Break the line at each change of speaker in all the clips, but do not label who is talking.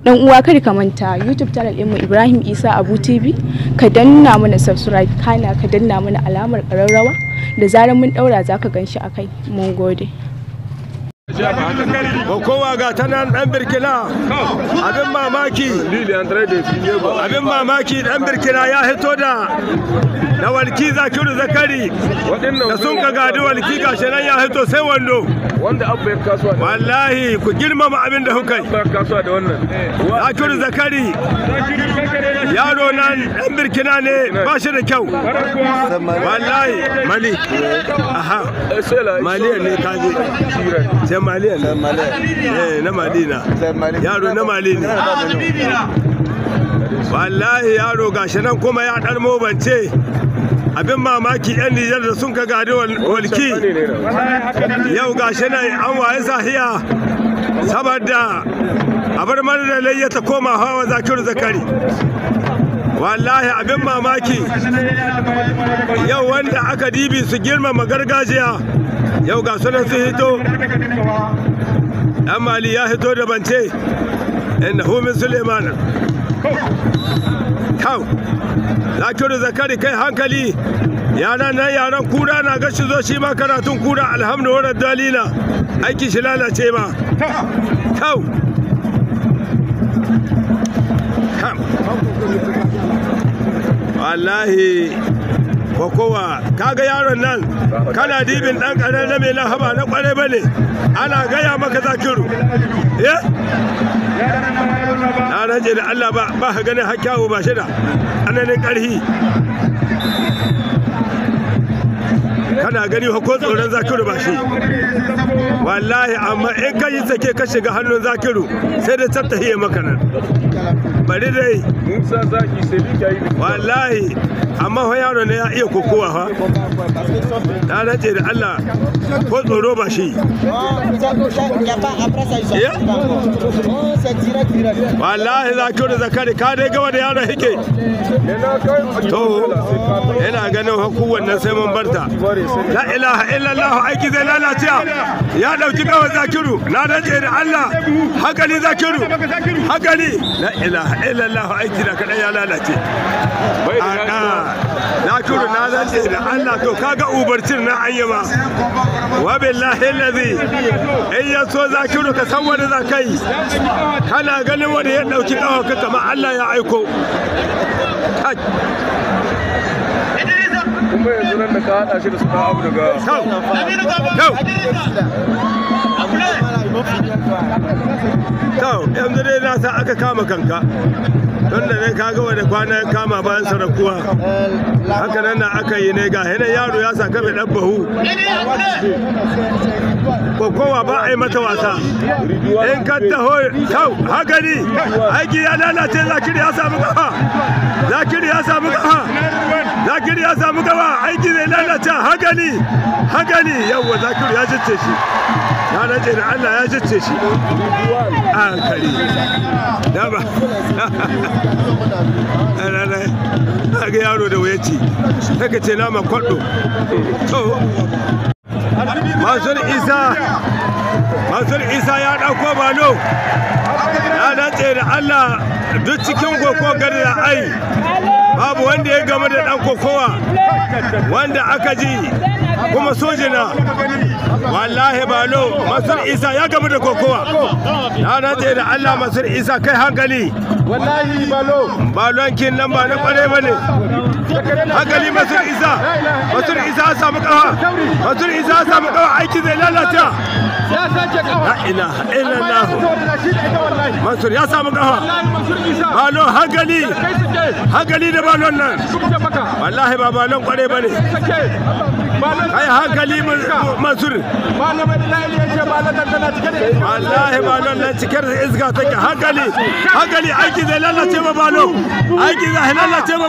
dan uwa kada ka manta youtube channel mu ibrahim isa abu tv ka danna mana subscribe kana ka danna mana alamar kararrawa da zarar mun daura za ka ganshi a kai mun gode kowa ga ta dan birkina abin mamaki abin mamaki dan birkila ya hito da da walki zakiru zakari da sun ka gadi walki ga shirin ya hito sai wando wanda abba ya kasuwa da wallahi ku girmama abin da kuka yi kasuwa da wannan zakiru zakari yaro na ɗan birkina ne ba shi da kyau wallahi mali aha maliya ne ta je sai maliya ne eh, na madina yaro na mali ne wallahi yaro gashi nan kuma ya dan mobance abin mamaki yan nijar da sun ka gadi walki yau ga shi na an waye sahiya saboda a bar mana da ta koma hawa zakiru zakari wallahi abin mamaki yau wanda aka dibi su girmama gargajiya yau ga sunan su hito dan mali ya hito da bance inda humin suleiman kau zakiru zakari kai hankali yara na yaran kura na gashi zo shi ma karatun kura alhamdulillah dalila aiki shi lalace ma kau wallahi kowa kaga yaron nan kana dibin dan karen na mai lahaba na kwarai ne ana gaya maka zakiru eh na ranje da Allah ba ba ganin hakkawo ba shida ananin karhi kana gani ko tsoron zakiru ba shi wallahi amma in ka yi sake ka shiga hannun zakiru sai da tsabtahiye maka nan bari dai wallahi amma fa yaro ne ya iya kokowa ha na rantse da Allah ko tsoro ba shi eh? wallahi zakiru zakari ka dai gaba da yaro hike to yana ganin hukun wannan sai mun barta la ilaha illallah aiki zai lalace ya dauki kawai zakiru na dace da Allah hankali zakiru hankali la ilaha illallah aiki da kadai ya lalace zakiru na dace da Allah to kaga ubarcin na an yi ma wa billahi allazi in ya so zakiru ka san wani zakai kana ganin wani ya dauki kawai ka kama Allah ya aiko kuma yanzu nan da ka haɗa shi da suna abu daga kyau yanzu dai na sa aka kama kanka don da nan kaga wani kwana ya kama bayan sarakuwa haka nan na aka yi ne ga hinan yaro ya sa kafe ɗan bahu kokowa ba a yi mata wasa in ka taho kyau haka ni aiki ya lalace zakiri ya samu kafa zakiri ya samu kafa zakiru ya samu gaba aiki zai lalata hagani hagani yawwa zakiru ya jicce shi ya rage da allah ya jicce shi a kari daba na ga yaro da wuya ce daga ce nama kwaɗo mansur isa mansur isa ya ɗauko balo na dace da allah duk cikin goko gari da ai babu wanda ya gama da ɗan kokowa wanda aka ji kuma sojina wallahi balo masur isa ya gama da kokowa na dace da allah masur isa kai hankali wallahi balo balon kin nan ba na kware ba ne hankali masur isa masur isa samu kawa masur isa samu kawa aiki zai lalata mansur ya samu kafa balo hagali hagali da balon nan wallahi ba balon kware ba ne kai hagali mansur wallahi balon nan cikar da izga take hagali hagali aiki zai lalace ma balo aiki zai lalace ma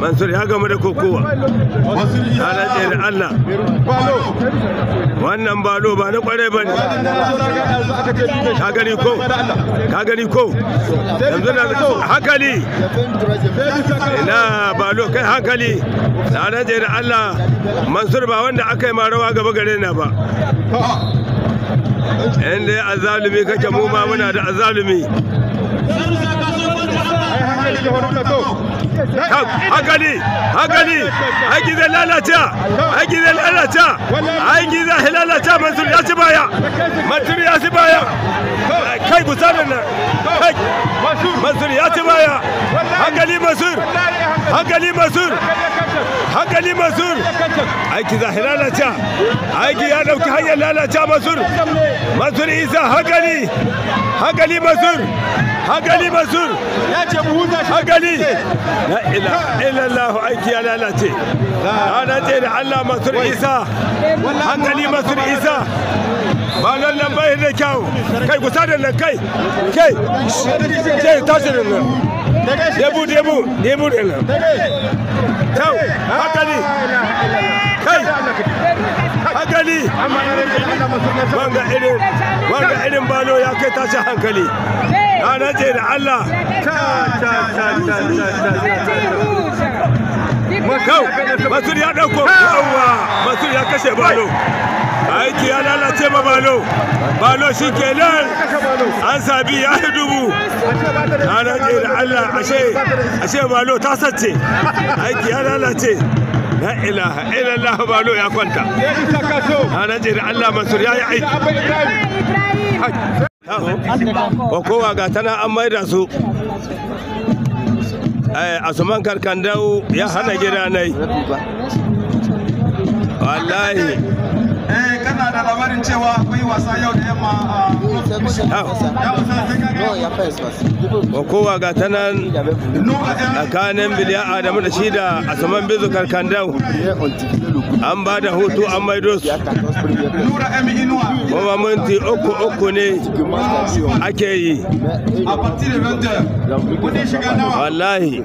mansur ya gama da kokowa ya rantse da allah wannan balo ba na kwarai ba ne ka gani ko ka gani ko yanzu na hankali ina balo kai hankali na rantse da allah mansur ba wanda aka yi marawa gaba gare na ba in ya azalumi kake mu ma muna da azalumi hankali hankali aiki zai lalata aiki zai lalata aiki zai lalata mansur ya ci baya mansur ya ci baya kai gusanin nan mansur ya ci baya hankali mansur hankali mansur hankali mansur aiki zahi lalaca aiki ya dauki hanyar lalaca mansur mansur isa hankali hankali hankali mansur la ila illallah aiki ya lalace ranar da Allah mansur isa hankali mansur isa ba lallan bai da kyau kai ku da nan kai kai kai ta da nan debu debu debu da nan kyau kai wanga irin wanga irin balo ya kai tashi hankali na da Allah ta ta ta ta
ta
makau masur ya dauko yawa masur ya kashe balo aiki ya lalace ma balo balo shi ke nan an sabi ya dubu na rage da allah ashe ashe balo ta sace aiki ya lalace la ilaha illallah balo ya kwanta na rage da allah mansur ya yi aiki kowa ga tana an da su Eh, asuman karkandau ya hana gida nai wallahi
eh, labarin cewa akwai wasa yau da yamma
a kowa ga ta nan adamu da shi da asaman bizu karkandau an ba hutu an maido su kuma minti uku uku ne ake yi wallahi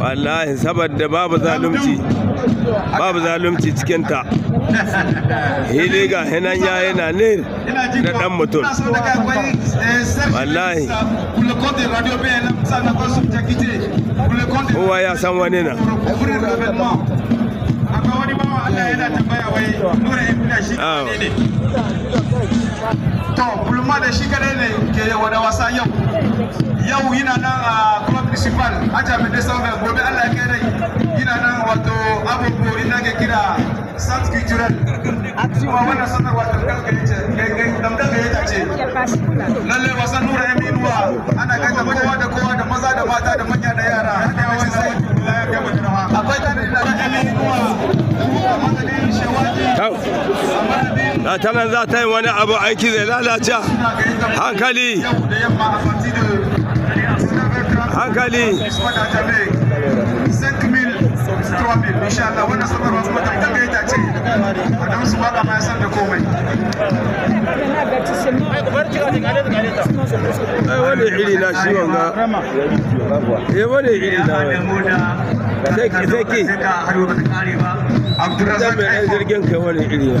wallahi saboda babu zalunci babu zalunci cikin ta hili ga hinan ya yana ne
da dan mutum
wallahi kowa ya san wani na
akwai wani bawa Allah yana tambaya to bulma da shi kadai ne ke wada wasa yau yau yana nan a club principal aja mai dai gobe allah ya kai yana nan wato abubuwa ina ga kira sans culturel cewa wannan sanarwa dangangaye ce lallai wasa nura ya minuwa ana kai ta kowa da kowa da maza da mata da manya da yara hada yawan sai akwai tarin da ya minuwa
Na tanan za ta yi wani abu aiki zai lalace hankali.
hankali 5000 insha Allah wannan sabar ma da komai
wani iri na shi wanga eh wani iri na Abdurrazak ai jirgin kai wani iri na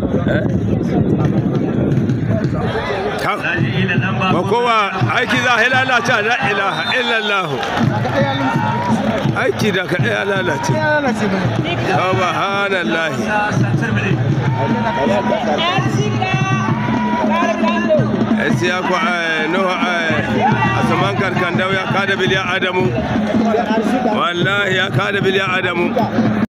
Eh? ba kowa aiki za a lalata la ilaha illallahu aiki da kaɗai ya lalace lahi esi eh, ya ku eh, nuhu asaman karkandau ya kada biliya adamu wallahi ya kada biliya adamu